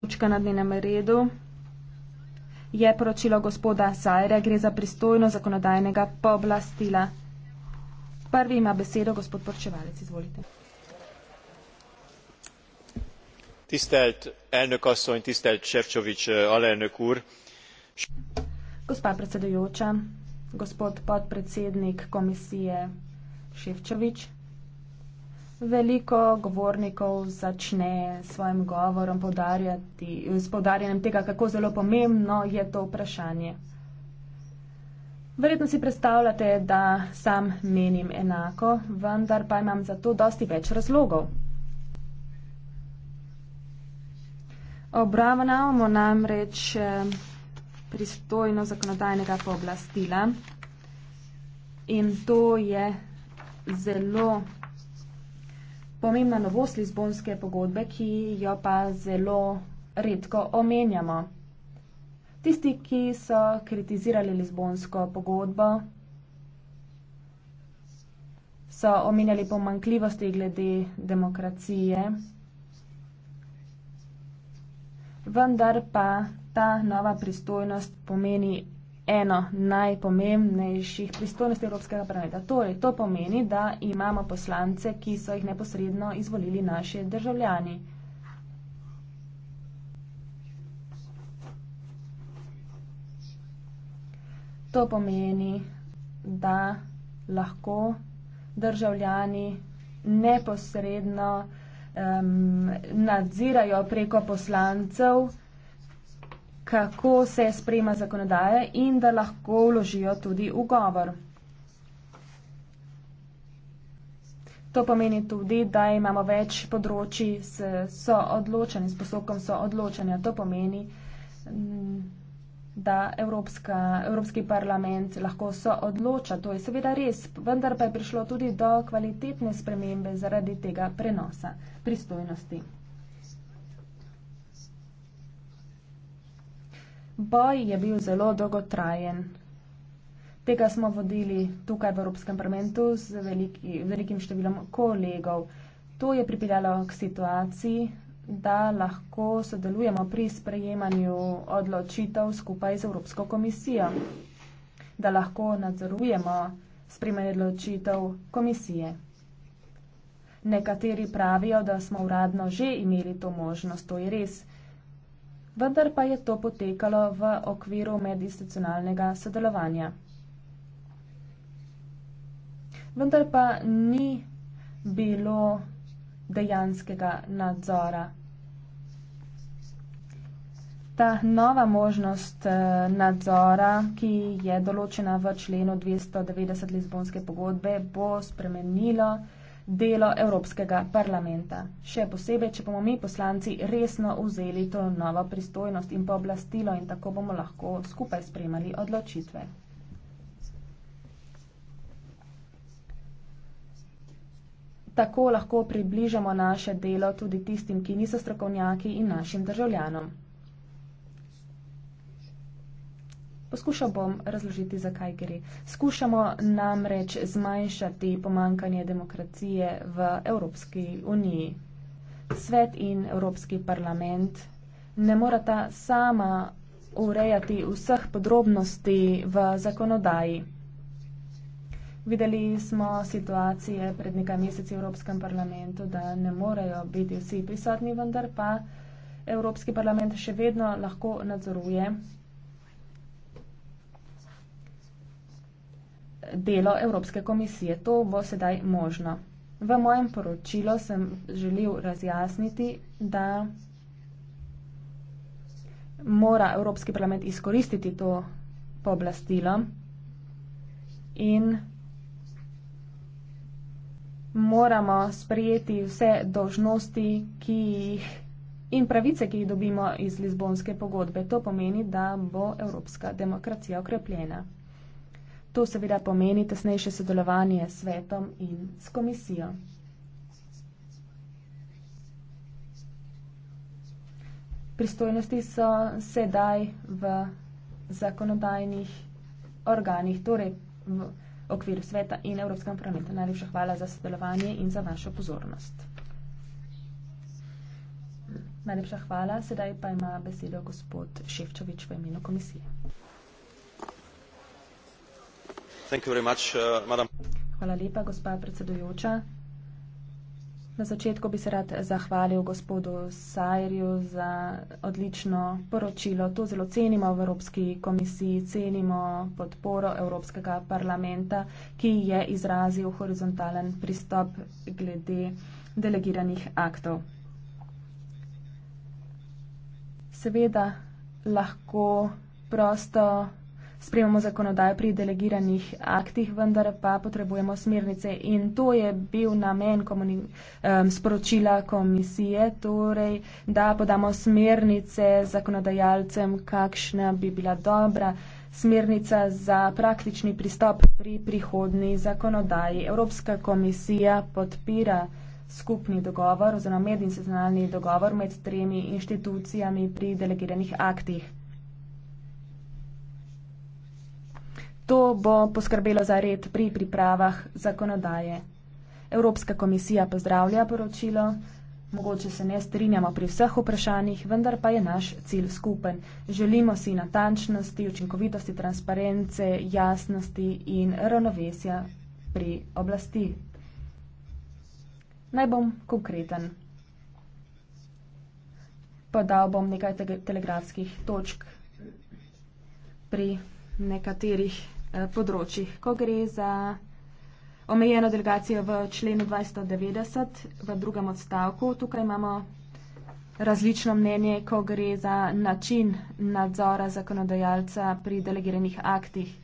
točka na dnevnem redu je poročilo gospoda Sajre, gre za pristojno zakonodajnega pooblastila. Prvi ima besedo gospod Porčevalec, izvolite. Tistelt elnök asszony, tisztelt Sefcsovics eh, alelnök úr. Gospa predsedujoča, gospod podpredsednik komisije Sefcsovics. Veliko govornikov začne s svojim govorom podarjati, s podarjanjem tega, kako zelo pomembno je to vprašanje. Verjetno si predstavljate, da sam menim enako, vendar pa imam za to dosti več razlogov. Obravnavamo namreč eh, pristojno zakonodajnega pooblastila in to je zelo pomembna novost Lizbonske pogodbe, ki jo pa zelo redko omenjamo. Tisti, ki so kritizirali Lizbonsko pogodbo, so omenjali pomankljivosti glede demokracije, vendar pa ta nova pristojnost pomeni eno najpomembnejših pristojnosti Evropskega parlamenta. Torej, to pomeni, da imamo poslance, ki so jih neposredno izvolili naši državljani. To pomeni, da lahko državljani neposredno um, nadzirajo preko poslancev, kako se sprejema zakonodaje in da lahko vložijo tudi ugovor. To pomeni tudi, da imamo več področji s soodločanjem, s postopkom soodločanja. To pomeni, mm, da Evropska, Evropski parlament lahko soodloča. To je seveda res, vendar pa je prišlo tudi do kvalitetne spremembe zaradi tega prenosa pristojnosti. Boj je bil zelo dolgotrajen. Tega smo vodili tukaj v Evropskem parlamentu z veliki, velikim številom kolegov. To je pripeljalo k situaciji, da lahko sodelujemo pri sprejemanju odločitev skupaj z Evropsko komisijo, da lahko nadzorujemo sprejemanje odločitev komisije. Nekateri pravijo, da smo uradno že imeli to možnost, to je res vendar pa je to potekalo v okviru medinstitucionalnega sodelovanja. Vendar pa ni bilo dejanskega nadzora. Ta nova možnost eh, nadzora, ki je določena v členu 290 Lizbonske pogodbe, bo spremenilo delo Evropskega parlamenta. Še posebej, če bomo mi poslanci resno vzeli to novo pristojnost in pooblastilo in tako bomo lahko skupaj spremali odločitve. Tako lahko približamo naše delo tudi tistim, ki niso strokovnjaki in našim državljanom. Poskušal bom razložiti, zakaj gre. Skušamo namreč zmanjšati pomankanje demokracije v Evropski uniji. Svet in Evropski parlament ne morata sama urejati vseh podrobnosti v zakonodaji. Videli smo situacije pred nekaj meseci v Evropskem parlamentu, da ne morejo biti vsi prisotni, vendar pa Evropski parlament še vedno lahko nadzoruje delo Evropske komisije. To bo sedaj možno. V mojem poročilu sem želel razjasniti, da mora Evropski parlament izkoristiti to pooblastilo in moramo sprejeti vse dožnosti ki jih, in pravice, ki jih dobimo iz Lizbonske pogodbe. To pomeni, da bo evropska demokracija okrepljena. To seveda pomeni tesnejše sodelovanje s svetom in s komisijo. Pristojnosti so sedaj v zakonodajnih organih, torej v okviru sveta in Evropskem parlamentu. Najlepša hvala za sodelovanje in za vašo pozornost. Najlepša hvala, sedaj pa ima besedo gospod Ševčovič v imenu komisije. Uh, Hvala lepa, gospa predsedujoča. Na začetku bi se rad zahvalil gospodu Sajerju za odlično poročilo. To zelo cenimo v Evropski komisiji, cenimo podporo Evropskega parlamenta, ki je izrazil horizontalen pristop glede delegiranih aktov. Seveda lahko prosto Sprememo zakonodajo pri delegiranih aktih, vendar pa potrebujemo smernice. In to je bil namen komuni, um, sporočila komisije, torej, da podamo smernice zakonodajalcem, kakšna bi bila dobra smernica za praktični pristop pri prihodni zakonodaji. Evropska komisija podpira skupni dogovor oziroma medinstitucionalni dogovor med tremi inštitucijami pri delegiranih aktih. To bo poskrbelo za red pri pripravah zakonodaje. Evropska komisija pozdravlja poročilo, mogoče se ne strinjamo pri vseh vprašanjih, vendar pa je naš cilj skupen. Želimo si natančnosti, učinkovitosti, transparence, jasnosti in ravnovesja pri oblasti. Naj bom konkreten. Podal bom nekaj te telegrafskih točk pri nekaterih Eh, področjih. Ko gre za omejeno delegacijo v členu 290 v drugem odstavku, tukaj imamo različno mnenje, ko gre za način nadzora zakonodajalca pri delegiranih aktih.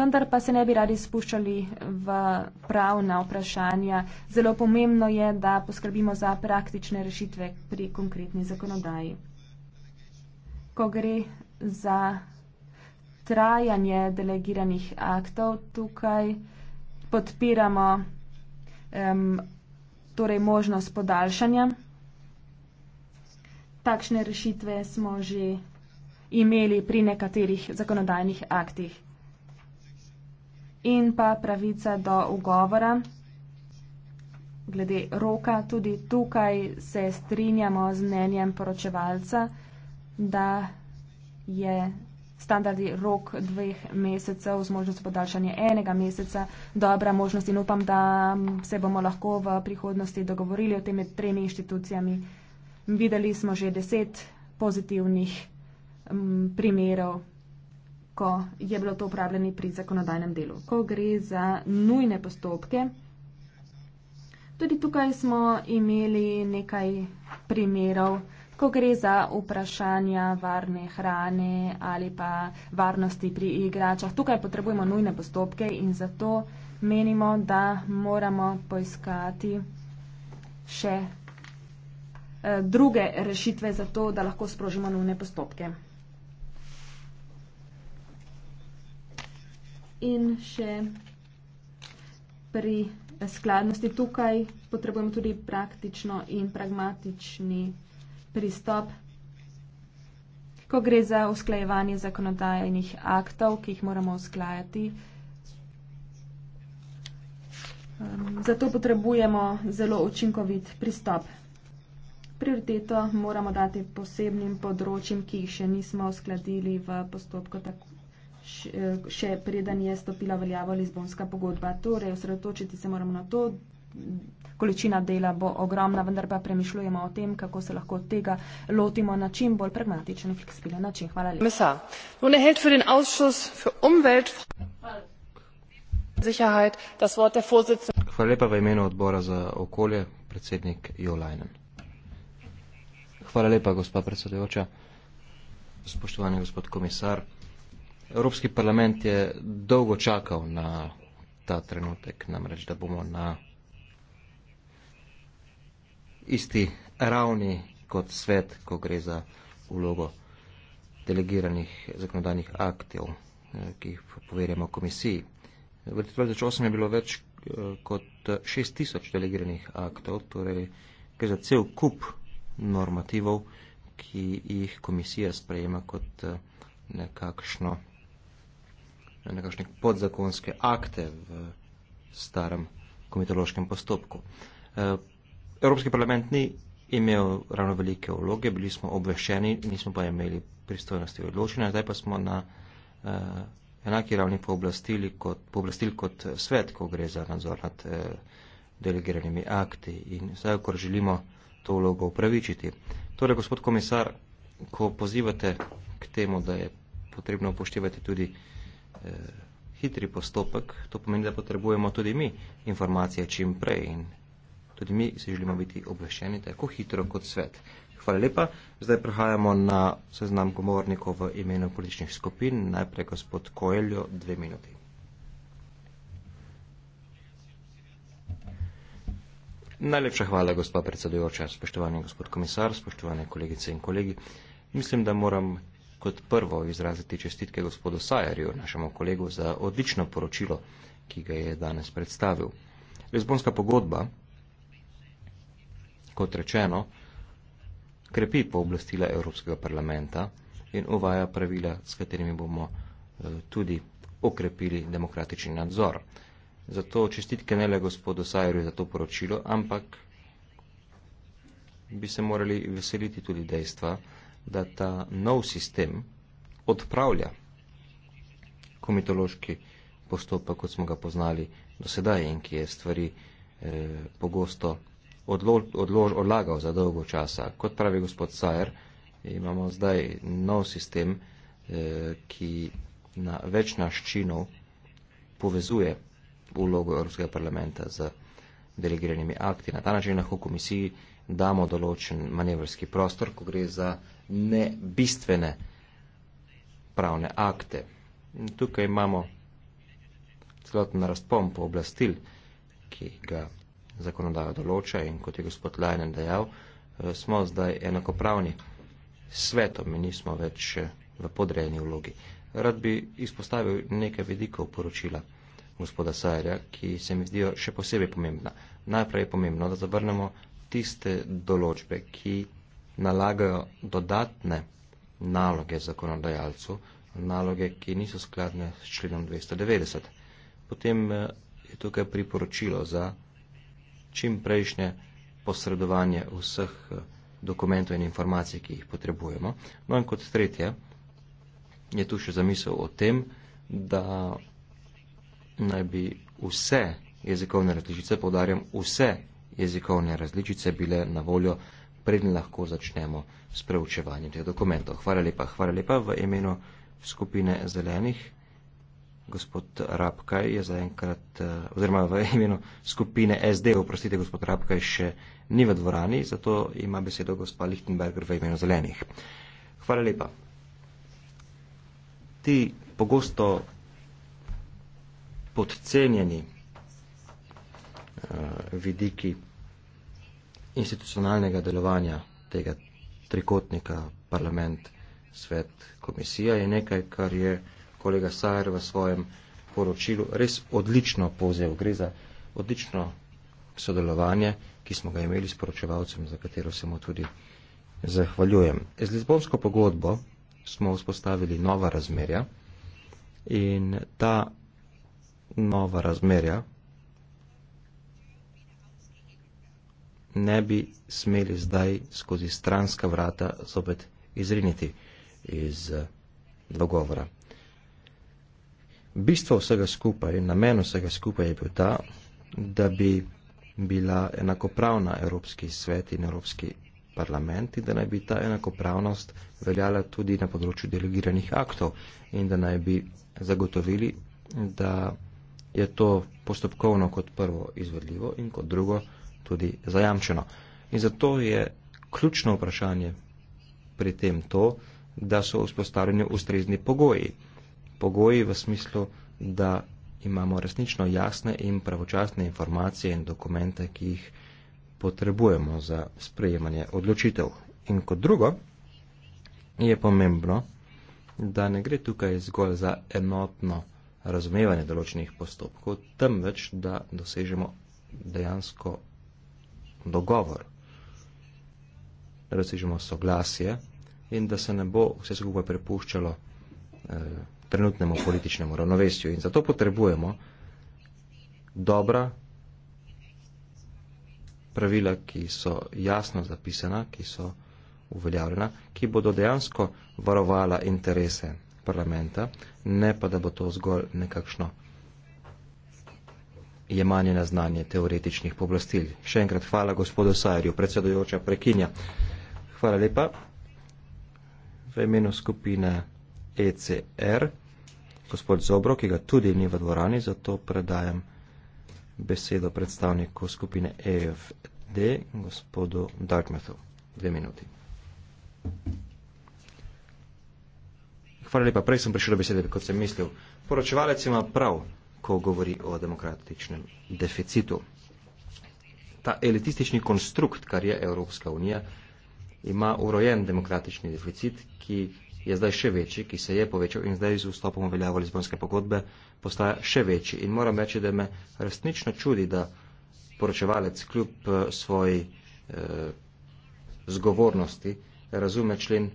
Vendar pa se ne bi radi spuščali v pravna vprašanja. Zelo pomembno je, da poskrbimo za praktične rešitve pri konkretni zakonodaji. Ko gre za trajanje delegiranih aktov tukaj podpiramo um, torej možnost podaljšanja. Takšne rešitve smo že imeli pri nekaterih zakonodajnih aktih. In pa pravica do ugovora. Glede roka, tudi tukaj se strinjamo z mnenjem poročevalca, da je standardni rok dveh mesecev z možnostjo podaljšanja enega meseca. Dobra možnost in upam, da se bomo lahko v prihodnosti dogovorili o temi tremi inštitucijami. Videli smo že deset pozitivnih um, primerov, ko je bilo to upravljeno pri zakonodajnem delu. Ko gre za nujne postopke, tudi tukaj smo imeli nekaj primerov, ko gre za vprašanja varne hrane ali pa varnosti pri igračah. Tukaj potrebujemo nujne postopke in zato menimo, da moramo poiskati še eh, druge rešitve za to, da lahko sprožimo nujne postopke. In še pri skladnosti tukaj potrebujemo tudi praktično in pragmatični pristop, ko gre za usklajevanje zakonodajnih aktov, ki jih moramo usklajati. Ehm, zato potrebujemo zelo učinkovit pristop. Prioriteto moramo dati posebnim področjem, ki jih še nismo uskladili v postopku, tako, še, eh, še preden je stopila veljavo Lizbonska pogodba. Torej, osredotočiti se moramo na to, količina dela bo ogromna, vendar pa premišljujemo o tem, kako se lahko tega lotimo na čim bolj pragmatičen in fleksibilen način. Hvala lepa. Hvala lepa v imenu odbora za okolje, predsednik Jolajnen. Hvala lepa, gospod predsedujoča, spoštovani gospod komisar. Evropski parlament je dolgo čakal na ta trenutek, namreč da bomo na isti ravni kot svet, ko gre za vlogo delegiranih zakonodajnih aktov, eh, ki jih poverjamo komisiji. V letu 2008 je bilo več eh, kot 6000 eh, delegiranih aktov, torej gre za cel kup normativov, ki jih komisija sprejema kot nekakšno, nekakšne podzakonske akte v starem komitološkem postopku. Evropski parlament ni imel ravno velike vloge, bili smo obveščeni, nismo pa imeli pristojnosti odločenja, zdaj pa smo na eh, enaki ravni pooblastili kot, pooblastil kot svet, ko gre za nadzor nad eh, delegiranimi akti in zdaj, ko želimo to vlogo upravičiti. Torej, gospod komisar, ko pozivate k temu, da je potrebno upoštevati tudi eh, hitri postopek, to pomeni, da potrebujemo tudi mi informacije čim prej in tudi mi si želimo biti obveščeni tako hitro kot svet. Hvala lepa. Zdaj prehajamo na seznam govornikov v imenu političnih skupin. Najprej gospod Koeljo, dve minuti. Najlepša hvala, gospod predsedujoča, spoštovani gospod komisar, spoštovane kolegice in kolegi. Mislim, da moram kot prvo izraziti čestitke gospodu Sajarju, našemu kolegu, za odlično poročilo, ki ga je danes predstavil. Lizbonska pogodba kot rečeno, krepi pooblastila Evropskega parlamenta in uvaja pravila, s katerimi bomo eh, tudi okrepili demokratični nadzor. Zato čestitke ne le gospodu Sajru za to poročilo, ampak bi se morali veseliti tudi dejstva, da ta nov sistem odpravlja komitološki postopek, kot smo ga poznali do sedaj in ki je stvari eh, pogosto odlož, odlagal za dolgo časa. Kot pravi gospod Sajer, imamo zdaj nov sistem, eh, ki na več naščinov povezuje ulogo Evropskega parlamenta z delegiranimi akti. Na ta način lahko komisiji damo določen manevrski prostor, ko gre za nebistvene pravne akte. In tukaj imamo celoten razpon pooblastil, ki ga zakonodajo določa in kot je gospod Lajnen dejal, eh, smo zdaj enakopravni svetom in nismo več eh, v podrejeni vlogi. Rad bi izpostavil nekaj vidikov poročila gospoda Sajerja, ki se mi zdijo še posebej pomembna. Najprej je pomembno, da zavrnemo tiste določbe, ki nalagajo dodatne naloge zakonodajalcu, naloge, ki niso skladne s členom 290. Potem eh, je tukaj priporočilo za čim prejšnje posredovanje vseh eh, dokumentov in informacij, ki jih potrebujemo. No in kot tretje je tu še zamisel o tem, da naj bi vse jezikovne različice, povdarjam, vse jezikovne različice bile na voljo, predn lahko začnemo s preučevanjem teh dokumentov. Hvala lepa, hvala lepa v imenu skupine zelenih gospod Rabkaj je zaenkrat, eh, oziroma v imenu skupine SD, oprostite, gospod Rabkaj še ni v dvorani, zato ima besedo gospa Lichtenberger v imenu zelenih. Hvala lepa. Ti pogosto podcenjeni uh, vidiki institucionalnega delovanja tega trikotnika parlament, svet, komisija je nekaj, kar je kolega Sajer v svojem poročilu res odlično povzel. Gre za odlično sodelovanje, ki smo ga imeli s poročevalcem, za katero se mu tudi zahvaljujem. Z Lizbonsko pogodbo smo vzpostavili nova razmerja in ta nova razmerja ne bi smeli zdaj skozi stranska vrata zopet izriniti iz dogovora bistvo vsega skupaj in namen vsega skupaj je bil ta, da bi bila enakopravna Evropski svet in Evropski parlament in da naj bi ta enakopravnost veljala tudi na področju delegiranih aktov in da naj bi zagotovili, da je to postopkovno kot prvo izvedljivo in kot drugo tudi zajamčeno. In zato je ključno vprašanje pri tem to, da so vzpostavljeni ustrezni pogoji pogoji v smislu, da imamo resnično jasne in pravočasne informacije in dokumente, ki jih potrebujemo za sprejemanje odločitev. In kot drugo, je pomembno, da ne gre tukaj zgolj za enotno razumevanje določenih postopkov, temveč, da dosežemo dejansko dogovor, da dosežemo soglasje in da se ne bo vse skupaj prepuščalo eh, trenutnemu političnemu ravnovesju in zato potrebujemo dobra pravila, ki so jasno zapisana, ki so uveljavljena, ki bodo dejansko varovala interese parlamenta, ne pa da bo to zgolj nekakšno jemanje na znanje teoretičnih poblastilj. Še enkrat hvala gospodu Sajerju, predsedujoča prekinja. Hvala lepa. V imenu skupine ECR. Gospod Zobro, ki ga tudi ni v dvorani, zato predajam besedo predstavniku skupine EFD, gospodu Dartmouthu. Dve minuti. Hvala lepa. Prej sem prišel do besede, kot sem mislil. Poročevalec ima prav, ko govori o demokratičnem deficitu. Ta elitistični konstrukt, kar je Evropska unija, ima urojen demokratični deficit, ki je zdaj še večji, ki se je povečal in zdaj z vstopom v veljavo Lizbonske pogodbe postaja še večji. In moram reči, da me resnično čudi, da poročevalec kljub eh, svoji eh, zgovornosti razume člen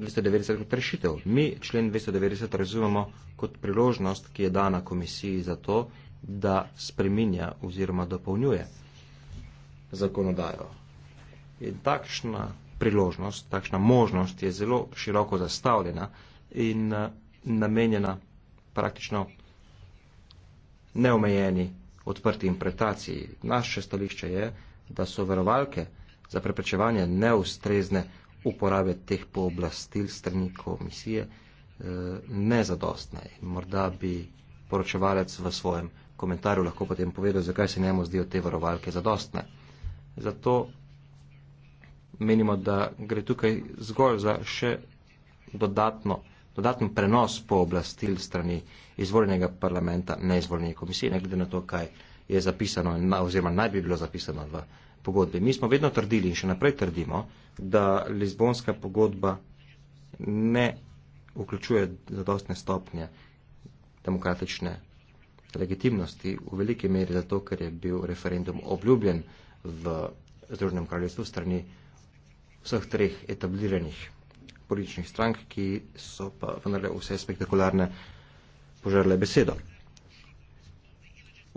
290 kot rešitev. Mi člen 290 razumemo kot priložnost, ki je dana komisiji za to, da spreminja oziroma dopolnjuje zakonodajo. In takšna priložnost, takšna možnost je zelo široko zastavljena in eh, namenjena praktično neomejeni odprti interpretaciji. Naše stališče je, da so verovalke za preprečevanje neustrezne uporabe teh pooblastil strani komisije eh, nezadostne. In morda bi poročevalec v svojem komentarju lahko potem povedal, zakaj se njemu zdijo te varovalke zadostne. Zato menimo, da gre tukaj zgolj za še dodatno, dodatno prenos pooblastil strani izvoljenega parlamenta, neizvoljenega komisije, ne glede na to, kaj je zapisano oziroma naj bi bilo zapisano v pogodbi. Mi smo vedno trdili in še naprej trdimo, da Lizbonska pogodba ne vključuje zadostne stopnje demokratične legitimnosti v veliki meri zato, ker je bil referendum obljubljen v Združenem kraljestvu strani vseh treh etabliranih političnih strank, ki so pa vendarle vse spektakularne požarle besedo.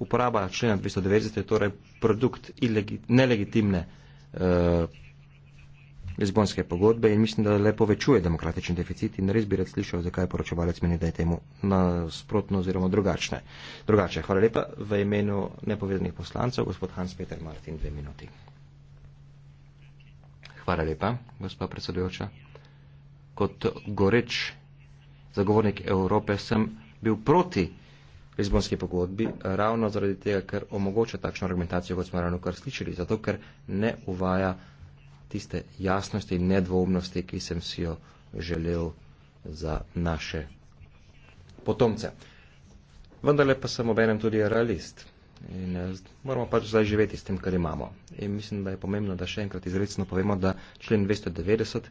Uporaba člena 290 je torej produkt nelegitimne uh, lizbonske pogodbe in mislim, da le povečuje demokratični deficit in res bi rad slišal, zakaj poročevalec meni, da je temu nasprotno oziroma drugačne. drugače. Hvala lepa v imenu nepovezanih poslancev, gospod Hans Peter Martin, dve minuti. Hvala lepa, gospod predsedujoča. Kot goreč zagovornik Evrope sem bil proti Lizbonski pogodbi, ravno zaradi tega, ker omogoča takšno argumentacijo, kot smo ravno kar slišali, zato ker ne uvaja tiste jasnosti in nedvoumnosti, ki sem si jo želel za naše potomce. Vendarle pa sem obenem tudi realist. In eh, moramo pač zdaj živeti s tem, kar imamo. In mislim, da je pomembno, da še enkrat izrecno povemo, da člen 290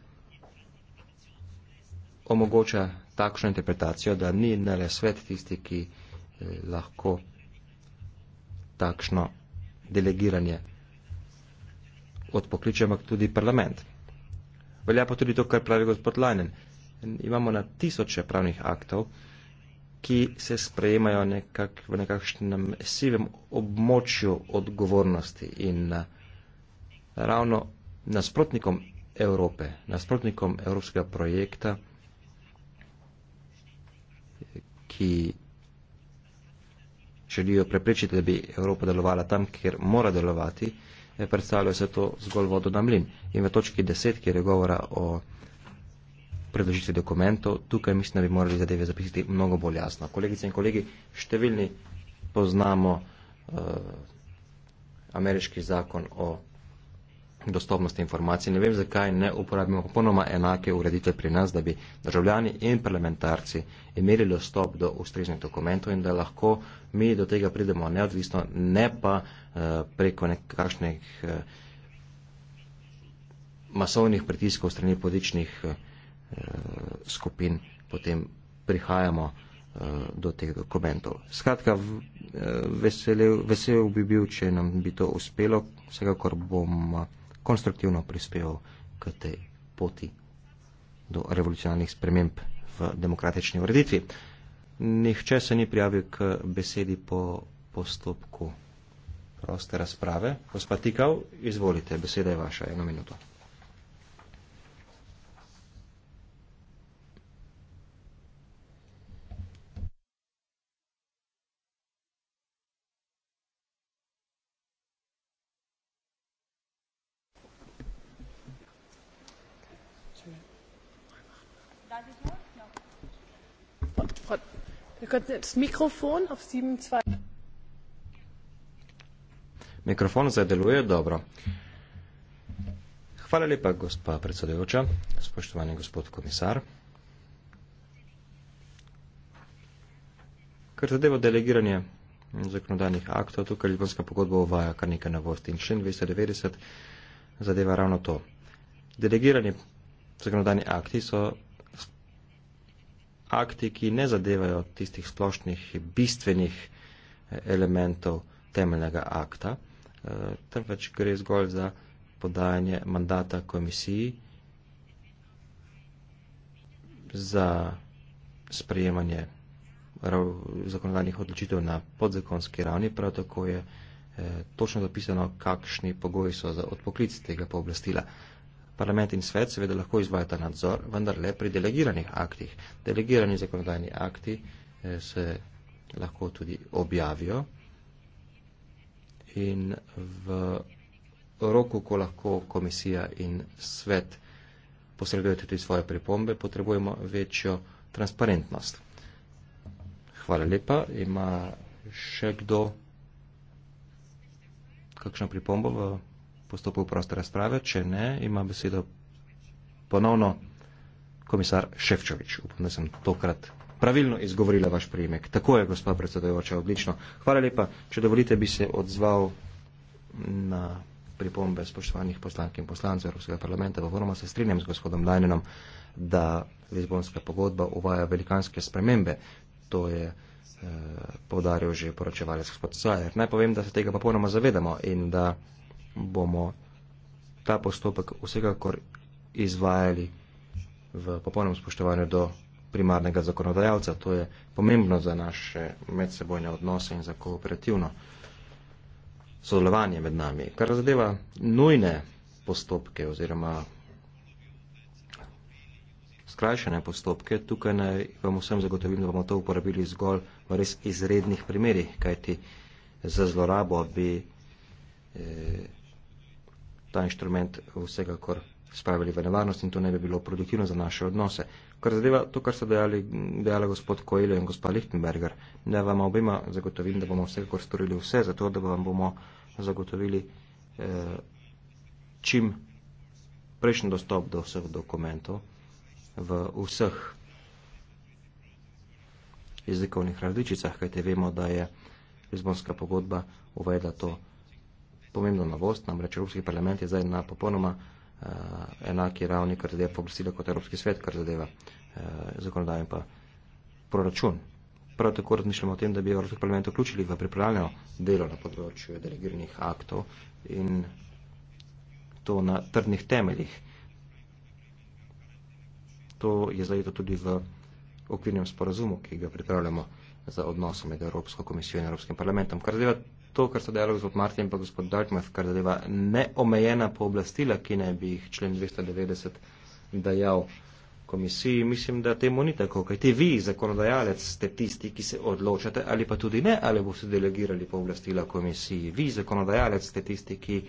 omogoča takšno interpretacijo, da ni nele svet tisti, ki eh, lahko takšno delegiranje odpokliče, ampak tudi parlament. Velja pa tudi to, kar pravi gospod Lajnen. Imamo na tisoče pravnih aktov, ki se sprejemajo nekak, v nekakšnem sivem območju odgovornosti in eh, ravno nasprotnikom Evrope, nasprotnikom evropskega projekta, ki želijo preprečiti, da bi Evropa delovala tam, kjer mora delovati, eh, predstavljajo se to zgolj vodo na mlin. In v točki 10, kjer je govora o predložitvi dokumentov. Tukaj mislim, da bi morali zadeve zapisati mnogo bolj jasno. Kolegice in kolegi, številni poznamo uh, ameriški zakon o dostopnosti informacij. Ne vem, zakaj ne uporabimo popolnoma enake ureditve pri nas, da bi državljani in parlamentarci imeli dostop do ustreznih dokumentov in da lahko mi do tega pridemo neodvisno, ne pa uh, preko nekakšnih uh, masovnih pritiskov strani političnih uh, skupin, potem prihajamo eh, do teh dokumentov. Skratka, eh, vesel, vesel bi bil, če nam bi to uspelo, vsekakor bom eh, konstruktivno prispeval k tej poti do revolucionarnih sprememb v demokratični ureditvi. Nihče se ni prijavil k besedi po postopku proste razprave. Gospod Tikal, izvolite, beseda je vaša, eno minuto. könnten das Mikrofon auf 7.2. Mikrofon zdaj deluje dobro. Hvala lepa, gospa predsedujoča, spoštovani gospod komisar. Ker zadeva delegiranje zakonodajnih aktov, tukaj Ljubljanska pogodba uvaja kar nekaj novosti in člen 290 zadeva ravno to. Delegirani zakonodajni akti so akti, ki ne zadevajo tistih splošnih bistvenih eh, elementov temeljnega akta, eh, temveč gre zgolj za podajanje mandata komisiji za sprejemanje zakonodajnih odločitev na podzakonski ravni, prav tako je eh, točno zapisano, kakšni pogoji so za odpoklic tega pooblastila. Parlament in svet seveda lahko izvajata nadzor, vendar le pri delegiranih aktih. Delegirani zakonodajni akti eh, se lahko tudi objavijo in v roku, ko lahko komisija in svet posredujete tudi svoje pripombe, potrebujemo večjo transparentnost. Hvala lepa. Ima še kdo kakšno pripombo v postopku proste razprave. Če ne, ima besedo ponovno komisar Ševčovič. Upam, da sem tokrat pravilno izgovorila vaš prijemek. Tako je, gospod predsedojoča, odlično. Hvala lepa. Če dovolite, bi se odzval na pripombe spoštovanih poslank in poslancev Evropskega parlamenta. V forma se strinjam z gospodom Lajnenom, da Lizbonska pogodba uvaja velikanske spremembe. To je eh, povdaril že poročevalec gospod Sajer. Naj povem, da se tega popolnoma zavedamo in da bomo ta postopek vsekakor izvajali v popolnem spoštovanju do primarnega zakonodajalca. To je pomembno za naše medsebojne odnose in za kooperativno sodelovanje med nami. Kar zadeva nujne postopke oziroma skrajšane postopke, tukaj naj vam vsem zagotovim, da bomo to uporabili zgolj v res izrednih primerih, kajti za zlorabo bi eh, ta inštrument vsekakor spravili v nevarnost in to ne bi bilo produktivno za naše odnose. Kar zadeva to, kar so dejali, dejali gospod Koelo in gospa Lichtenberger, da vam obima zagotovim, da bomo vsekakor storili vse za to, da vam bomo zagotovili eh, čim prejšnji dostop do vseh dokumentov v vseh jezikovnih različicah, kajte vemo, da je Lizbonska pogodba uvedla to pomembna novost, namreč Evropski parlament je zdaj na popolnoma uh, enaki ravni, kar zadeva poblastila kot Evropski svet, kar zadeva uh, zakonodajo in pa proračun. Prav tako razmišljamo o tem, da bi Evropski parlament vključili v pripravljeno delo na področju delegiranih aktov in to na trdnih temeljih. To je zajeto tudi v okvirnem sporazumu, ki ga pripravljamo za odnose med Evropsko komisijo in Evropskim parlamentom. Kar zadeva to, kar so delali gospod Martin in pa gospod Dartmouth, kar zadeva neomejena pooblastila, ki naj bi jih člen 290 dajal komisiji, mislim, da temu ni tako, kajti vi, zakonodajalec, ste tisti, ki se odločate ali pa tudi ne, ali boste delegirali pooblastila komisiji. Vi, zakonodajalec, ste tisti, ki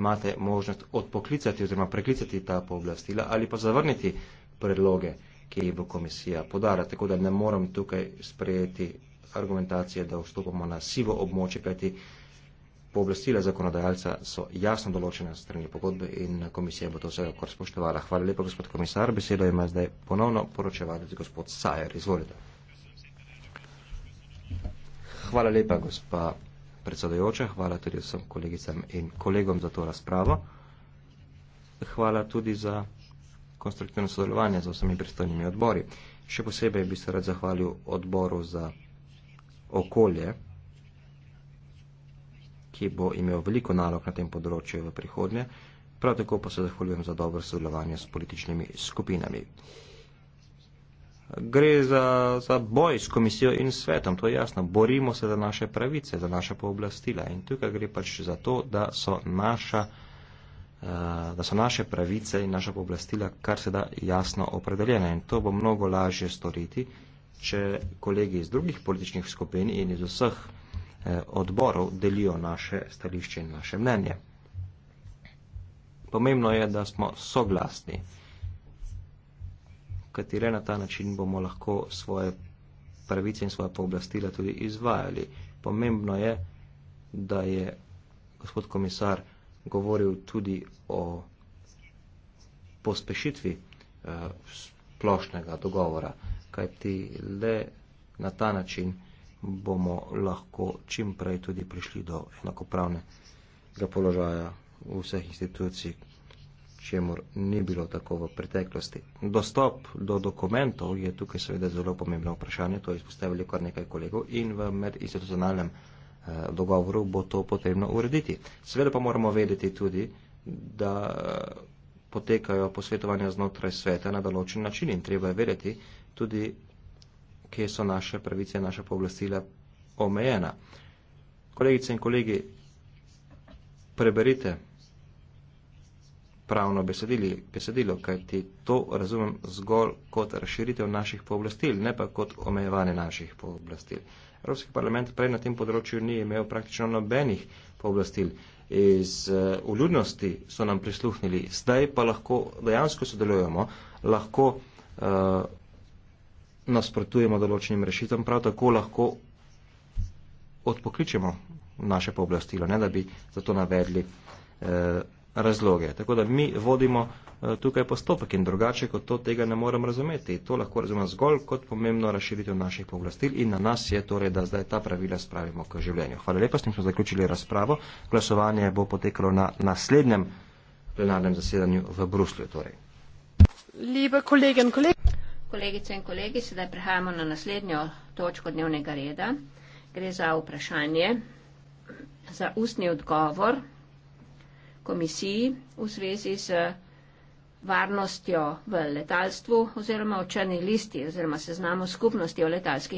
imate možnost odpoklicati oziroma preklicati ta pooblastila ali pa zavrniti predloge, ki jih bo komisija podala, tako da ne morem tukaj sprejeti argumentacije, da vstopamo na sivo območje, kajti pooblastila zakonodajalca so jasno določene strani pogodbe in komisija bo to vse kar spoštovala. Hvala lepa, gospod komisar. Besedo ima zdaj ponovno poročevalec gospod Sajer. Izvolite. Hvala lepa, gospa predsedojoča. Hvala tudi vsem kolegicam in kolegom za to razpravo. Hvala tudi za konstruktivno sodelovanje z vsemi pristojnimi odbori. Še posebej bi se rad zahvalil odboru za okolje, ki bo imel veliko nalog na tem področju v prihodnje, prav tako pa se zahvaljujem za dobro sodelovanje s političnimi skupinami. Gre za, za boj s komisijo in svetom, to je jasno. Borimo se za naše pravice, za naše pooblastila in tukaj gre pač za to, da so, naša, eh, da so naše pravice in naša pooblastila kar se da jasno opredeljene in to bo mnogo lažje storiti, če kolegi iz drugih političnih skupin in iz vseh eh, odborov delijo naše stališče in naše mnenje. Pomembno je, da smo soglasni, katere na ta način bomo lahko svoje pravice in svoje pooblastila tudi izvajali. Pomembno je, da je gospod komisar govoril tudi o pospešitvi eh, splošnega dogovora kajti le na ta način bomo lahko čim prej tudi prišli do enakopravnega položaja vseh institucij, čemur ni bilo tako v preteklosti. Dostop do dokumentov je tukaj seveda zelo pomembno vprašanje, to je izpostavili kar nekaj kolegov in v medinstitucionalnem eh, dogovoru bo to potrebno urediti. Seveda pa moramo vedeti tudi, da eh, potekajo posvetovanja znotraj sveta na določen način in treba je vedeti, tudi, kje so naše pravice, naše pooblastila omejena. Kolegice in kolegi, preberite pravno besedili, besedilo, kajti to razumem zgolj kot razširitev naših pooblastil, ne pa kot omejevanje naših pooblastil. Evropski parlament prej na tem področju ni imel praktično nobenih pooblastil. Iz eh, uljudnosti so nam prisluhnili, zdaj pa lahko dejansko sodelujemo, lahko uh, nasprotujemo določenim rešitvam, prav tako lahko odpokličemo naše pooblastilo, ne da bi za to navedli eh, razloge. Tako da mi vodimo eh, tukaj postopek in drugače kot to tega ne morem razumeti. To lahko razumem zgolj kot pomembno razširitev naših pooblastil in na nas je torej, da zdaj ta pravila spravimo k življenju. Hvala lepa, s tem smo zaključili razpravo. Glasovanje bo potekalo na naslednjem plenarnem zasedanju v Bruslju. Torej. Liebe Kolleginnen und Kollegen kolegice in kolegi, sedaj prehajamo na naslednjo točko dnevnega reda. Gre za vprašanje, za ustni odgovor komisiji v zvezi z varnostjo v letalstvu oziroma v črni listi oziroma seznamu skupnosti o letalskih